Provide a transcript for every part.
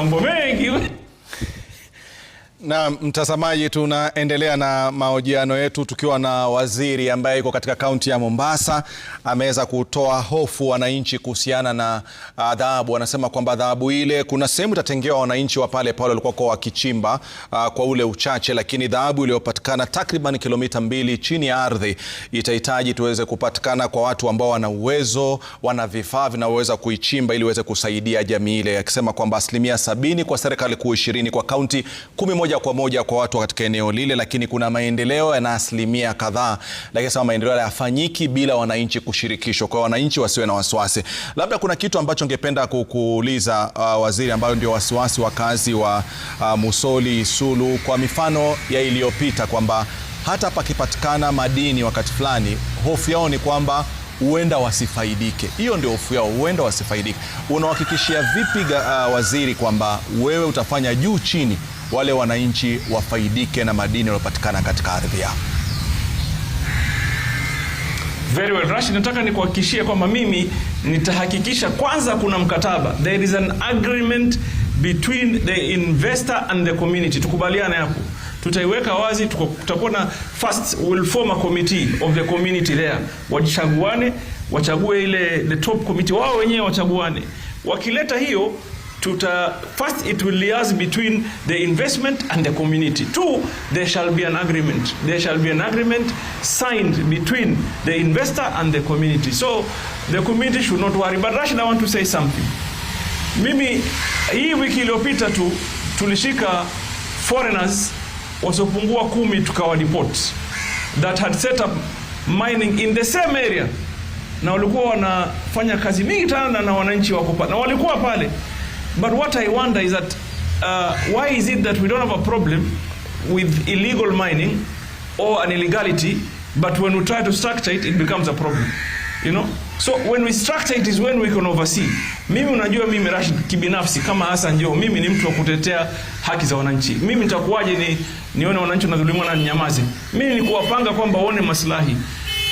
Então, vamos ver? Na mtazamaji, tunaendelea na mahojiano yetu tukiwa na waziri ambaye yuko katika kaunti ya Mombasa. Ameweza kutoa hofu wananchi kuhusiana na uh, adhabu. Anasema kwamba adhabu ile, kuna sehemu itatengewa wananchi wa pale pale walikuwa wakichimba uh, kwa ule uchache, lakini dhaabu iliyopatikana takriban kilomita mbili chini ya ardhi itahitaji tuweze kupatikana kwa watu ambao wana uwezo, wana vifaa vinaweza kuichimba ili iweze kusaidia jamii ile, akisema kwamba asilimia sabini kwa serikali kuu, ishirini kwa kaunti kumi moja kwa moja kwa watu katika eneo lile, lakini kuna maendeleo yana asilimia kadhaa, lakini sasa maendeleo hayafanyiki bila wananchi kushirikishwa. Kwa wananchi wasiwe na wasiwasi. Labda kuna kitu ambacho ungependa kukuuliza uh, waziri, ambayo ndio wasiwasi wakazi wa uh, Musoli Isulu, kwa mifano ya iliyopita kwamba hata pakipatikana madini wakati fulani, hofu yao ni kwamba huenda wasifaidike. Hiyo ndio hofu yao, huenda wasifaidike. Unahakikishia vipi uh, waziri, kwamba wewe utafanya juu chini wale wananchi wafaidike na madini yanayopatikana katika ardhi yao. Very well, Rashid, nataka nikuhakikishie kwamba mimi nitahakikisha kwanza kuna mkataba. There is an agreement between the investor and the community. Tukubaliane hapo. Tutaiweka wazi, tutakuwa na first will form a committee of the community there. Wajichaguane, wachague ile the top committee wao wenyewe wachaguane. Wakileta hiyo tuta first it will liaise between the investment and the community two there shall be an agreement there shall be an agreement signed between the investor and the community so the community should not worry but Rashid I want to say something mimi hii wiki iliyopita tu tulishika foreigners wasiopungua kumi tukawa tukawaripoti that had set up mining in the same area na walikuwa wanafanya kazi mingi tana na wananchi wako na walikuwa pale But what I wonder is that uh, why is it that we don't have a problem with illegal mining or an illegality, but when we try to structure it, it becomes a problem, you know? So when we structure it is when we can oversee. Mimi unajua mimi Rashid kibinafsi kama hasa njoo mimi ni mtu wa kutetea haki za wananchi. Mimi nitakuwaje ni nione wananchi wanadhulumiwa na ninyamaze? Mimi ni kuwapanga kwamba waone maslahi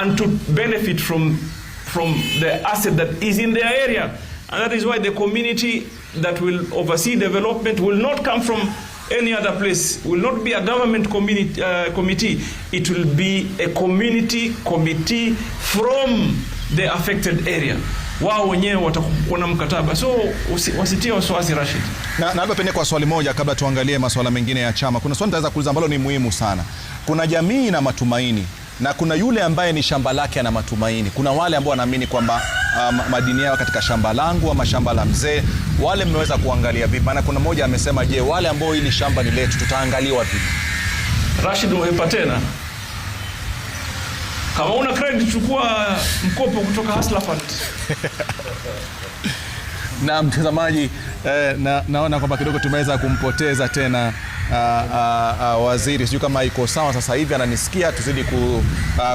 and to benefit from from the asset that is in their area and that is why the community that will oversee development will not come from any other place, will not be a government community uh, committee. It will be a community committee from the affected area. Wao wenyewe watakuwa na mkataba, so wasitie wasiwasi Rashid. Na labda pengine kwa swali moja kabla tuangalie masuala mengine ya chama, kuna swali nitaweza kuuliza ambalo ni muhimu sana. Kuna jamii na matumaini na kuna yule ambaye ni shamba lake ana matumaini. Kuna wale ambao wanaamini kwamba um, madini yao katika shamba langu ama shamba la mzee wale mmeweza kuangalia vipi? Maana kuna mmoja amesema, je, wale ambao hili shamba ni letu tutaangaliwa vipi? Rashid Mhepa tena, kama una credit chukua mkopo kutoka Hustler Fund. Na mtazamaji eh, na, naona kwamba kidogo tumeweza kumpoteza tena a, ah, a, ah, a, ah, waziri. Sijui kama iko sawa sasa hivi, ananisikia? Tuzidi ku,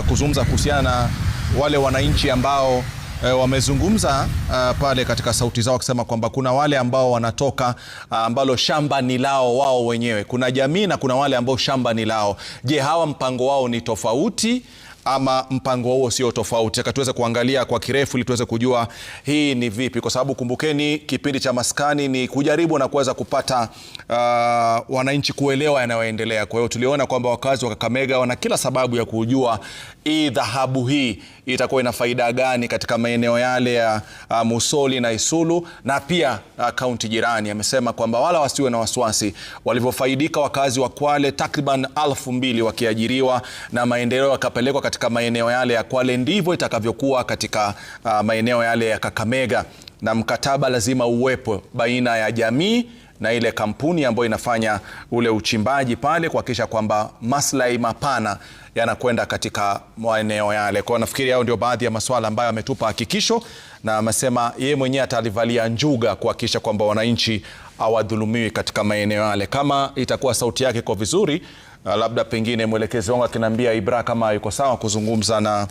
kuzungumza kuhusiana na wale wananchi ambao E, wamezungumza uh, pale katika sauti zao wakisema kwamba kuna wale ambao wanatoka uh, ambalo shamba ni lao wao wenyewe, kuna jamii na kuna wale ambao shamba ni lao. Je, hawa mpango wao ni tofauti ama mpango huo sio tofauti? Taka kuangalia kwa kirefu ili tuweze kujua hii ni vipi, kwa sababu kumbukeni, kipindi cha maskani ni kujaribu na kuweza kupata uh, wananchi kuelewa yanayoendelea. Kwa hiyo tuliona kwamba wakazi wa Kakamega wana kila sababu ya kujua hii dhahabu hii itakuwa ina faida gani katika maeneo yale ya uh, Musoli na Isulu na pia uh, kaunti uh, jirani. Amesema kwamba wala wasiwe na wasiwasi, walivyofaidika wakazi wa Kwale takriban elfu mbili wakiajiriwa na maendeleo yakapelekwa katika maeneo yale ya Kwale, ndivyo itakavyokuwa katika uh, maeneo yale ya Kakamega, na mkataba lazima uwepo baina ya jamii na ile kampuni ambayo inafanya ule uchimbaji pale kuhakikisha kwamba maslahi mapana yanakwenda katika maeneo yale. Kwa nafikiri hayo ndio baadhi ya masuala ambayo ametupa hakikisho, na amesema yeye mwenyewe atalivalia njuga kuhakikisha kwamba wananchi hawadhulumiwi katika maeneo yale. Kama itakuwa sauti yake kwa vizuri Ah, labda pengine mwelekezi wangu akiniambia Ibra kama yuko sawa kuzungumza na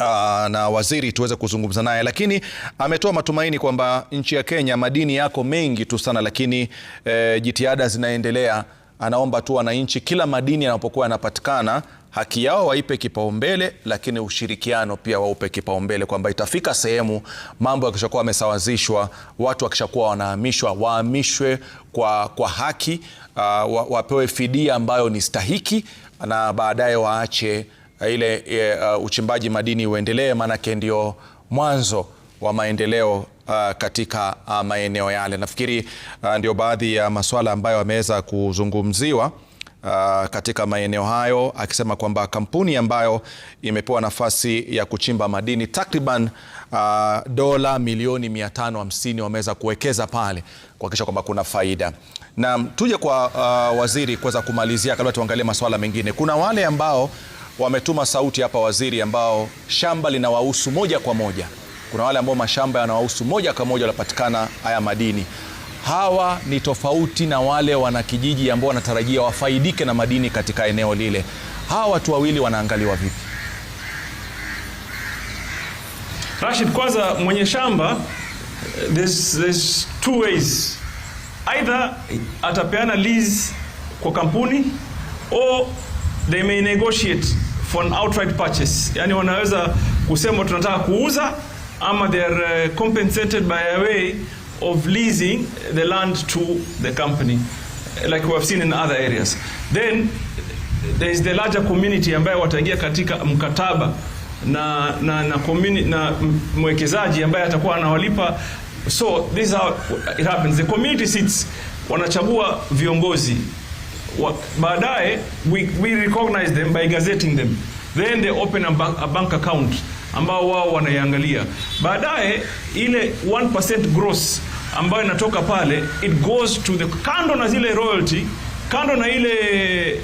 Aa, ah, na waziri tuweze kuzungumza naye, lakini ametoa matumaini kwamba nchi ya Kenya madini yako mengi tu sana, lakini e, jitihada zinaendelea. Anaomba tu wananchi kila madini yanapokuwa yanapatikana haki yao waipe kipaumbele, lakini ushirikiano pia waupe kipaumbele, kwamba itafika sehemu mambo yakishakuwa wamesawazishwa, watu wakishakuwa wanahamishwa, wahamishwe kwa, kwa haki uh, wa, wapewe fidia ambayo ni stahiki na baadaye waache uh, ile uh, uchimbaji madini uendelee, maanake ndio mwanzo wa maendeleo uh, katika uh, maeneo yale. Nafikiri uh, ndio baadhi ya masuala ambayo yameweza kuzungumziwa uh, katika maeneo hayo akisema kwamba kampuni ambayo imepewa nafasi ya kuchimba madini takriban uh, dola milioni 550 wameweza kuwekeza pale kuhakikisha kwamba kuna faida. Na tuje kwa uh, waziri kuweza kumalizia, kabla tuangalie masuala mengine, kuna wale ambao wametuma sauti hapa, waziri, ambao shamba linawahusu moja kwa moja. Kuna wale ambao mashamba yanawahusu moja kwa moja wanapatikana haya madini hawa ni tofauti na wale wanakijiji ambao wanatarajia wafaidike na madini katika eneo lile. Hawa watu wawili wanaangaliwa vipi? Rashid, kwanza mwenye shamba there's, there's two ways. Either atapeana lease kwa kampuni or they may negotiate for an outright purchase. Yani wanaweza kusema tunataka kuuza ama they are uh, compensated by a way of leasing the land to the company like we have seen in other areas. Then there is the larger community ambayo wataingia katika mkataba na na na, na mwekezaji ambaye atakuwa anawalipa. So this is how it happens. The community sits wanachagua viongozi baadaye, we, we recognize them by gazetting them, then they open a bank, a bank account ambao wao wanaiangalia baadaye ile 1% gross ambayo inatoka pale, it goes to the, kando na zile royalty, kando na ile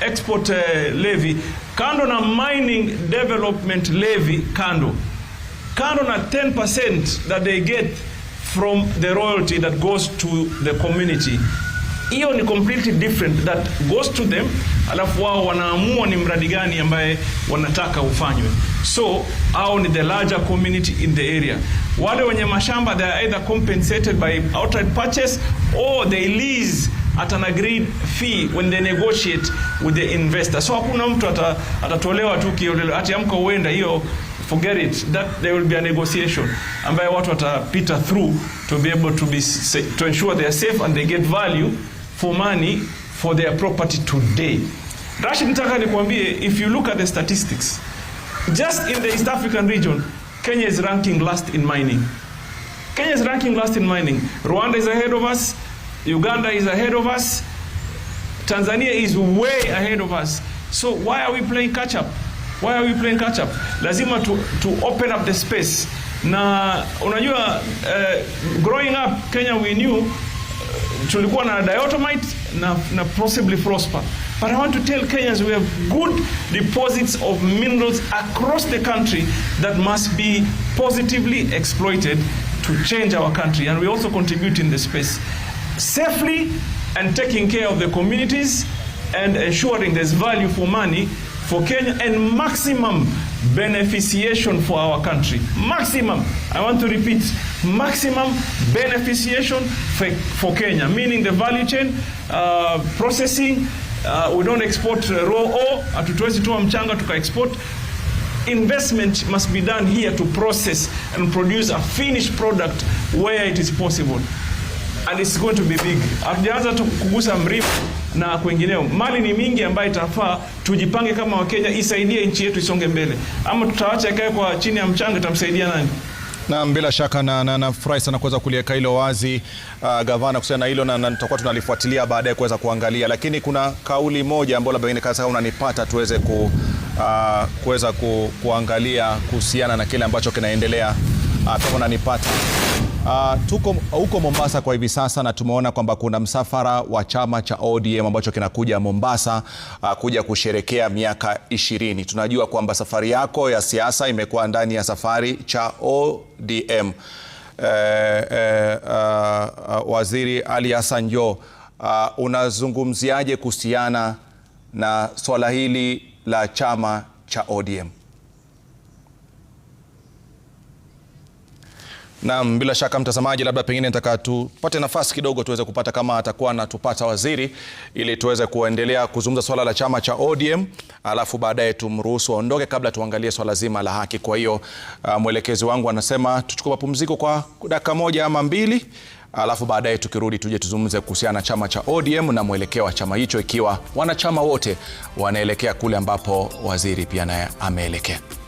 export uh, levy, kando na mining development levy, kando kando na 10% that they get from the royalty that goes to the community hiyo ni completely different that goes to them alafu wao wanaamua ni mradi gani ambaye wanataka ufanywe. So au ni the larger community in the area. Wale wenye mashamba they are either compensated by outright purchase or they lease at an agreed fee when they negotiate with the investor. So hakuna mtu atatolewa tu kiolelo ati amko uenda hiyo forget it that there will be a negotiation ambaye watu watapita through to be able to be to ensure they are safe and they get value for money for their property today. Rashid, nataka nikwambie, if you look at the statistics just in the East African region Kenya is ranking last in mining. Kenya is ranking last in mining. Rwanda is ahead of us. Uganda is ahead of us. Tanzania is way ahead of us. So why are we playing catch up? Why are we playing catch up? Lazima to, to open up the space. Na unajua uh, growing up Kenya we knew uh, tulikuwa na diatomite na, na possibly prosper. But I want to tell Kenyans we have good deposits of minerals across the country that must be positively exploited to change our country. And we also contribute in this space safely and taking care of the communities and ensuring there's value for money for Kenya and maximum beneficiation for our country. Maximum, I want to repeat, maximum beneficiation for, for Kenya, meaning the value chain, uh, processing, uh, we don't export uh, raw ore, hatutuwezi toa mchanga tuka export. Investment must be done here to process and produce a finished product where it is possible and it's going to be big. Hatujaanza tu kugusa mlima na kwingineo Mali ni mingi ambayo itafaa tujipange kama Wakenya, isaidie nchi yetu isonge mbele, ama tutawacha ikae kwa chini ya mchanga, itamsaidia nani? Na bila shaka nafurahi na, sana kuweza kuliweka hilo wazi uh, gavana kuhusiana na hilo na tutakuwa tunalifuatilia baadaye kuweza kuangalia, lakini kuna kauli moja ambayo labda pengine kama unanipata tuweze ku, uh, kuweza ku, kuangalia kuhusiana na kile ambacho kinaendelea uh, kama unanipata Uh, tuko huko Mombasa kwa hivi sasa na tumeona kwamba kuna msafara wa chama cha ODM ambacho kinakuja Mombasa, uh, kuja kusherekea miaka ishirini. Tunajua kwamba safari yako ya siasa imekuwa ndani ya safari cha ODM. Uh, eh, uh, eh, uh, ah, Waziri Ali Hassan Joho, uh, unazungumziaje kuhusiana na swala hili la chama cha ODM? Naam, bila shaka mtazamaji, labda pengine nitaka tupate nafasi kidogo tuweze kupata kama atakuwa anatupata waziri, ili tuweze kuendelea kuzungumza swala la chama cha ODM, alafu baadaye tumruhusu aondoke, kabla tuangalie swala zima la haki. Kwa hiyo uh, mwelekezi wangu anasema tuchukue mapumziko kwa dakika moja ama mbili, alafu baadaye tukirudi tuje tuzungumze kuhusiana na chama cha ODM na mwelekeo wa chama hicho, ikiwa wanachama wote wanaelekea kule ambapo waziri pia naye ameelekea.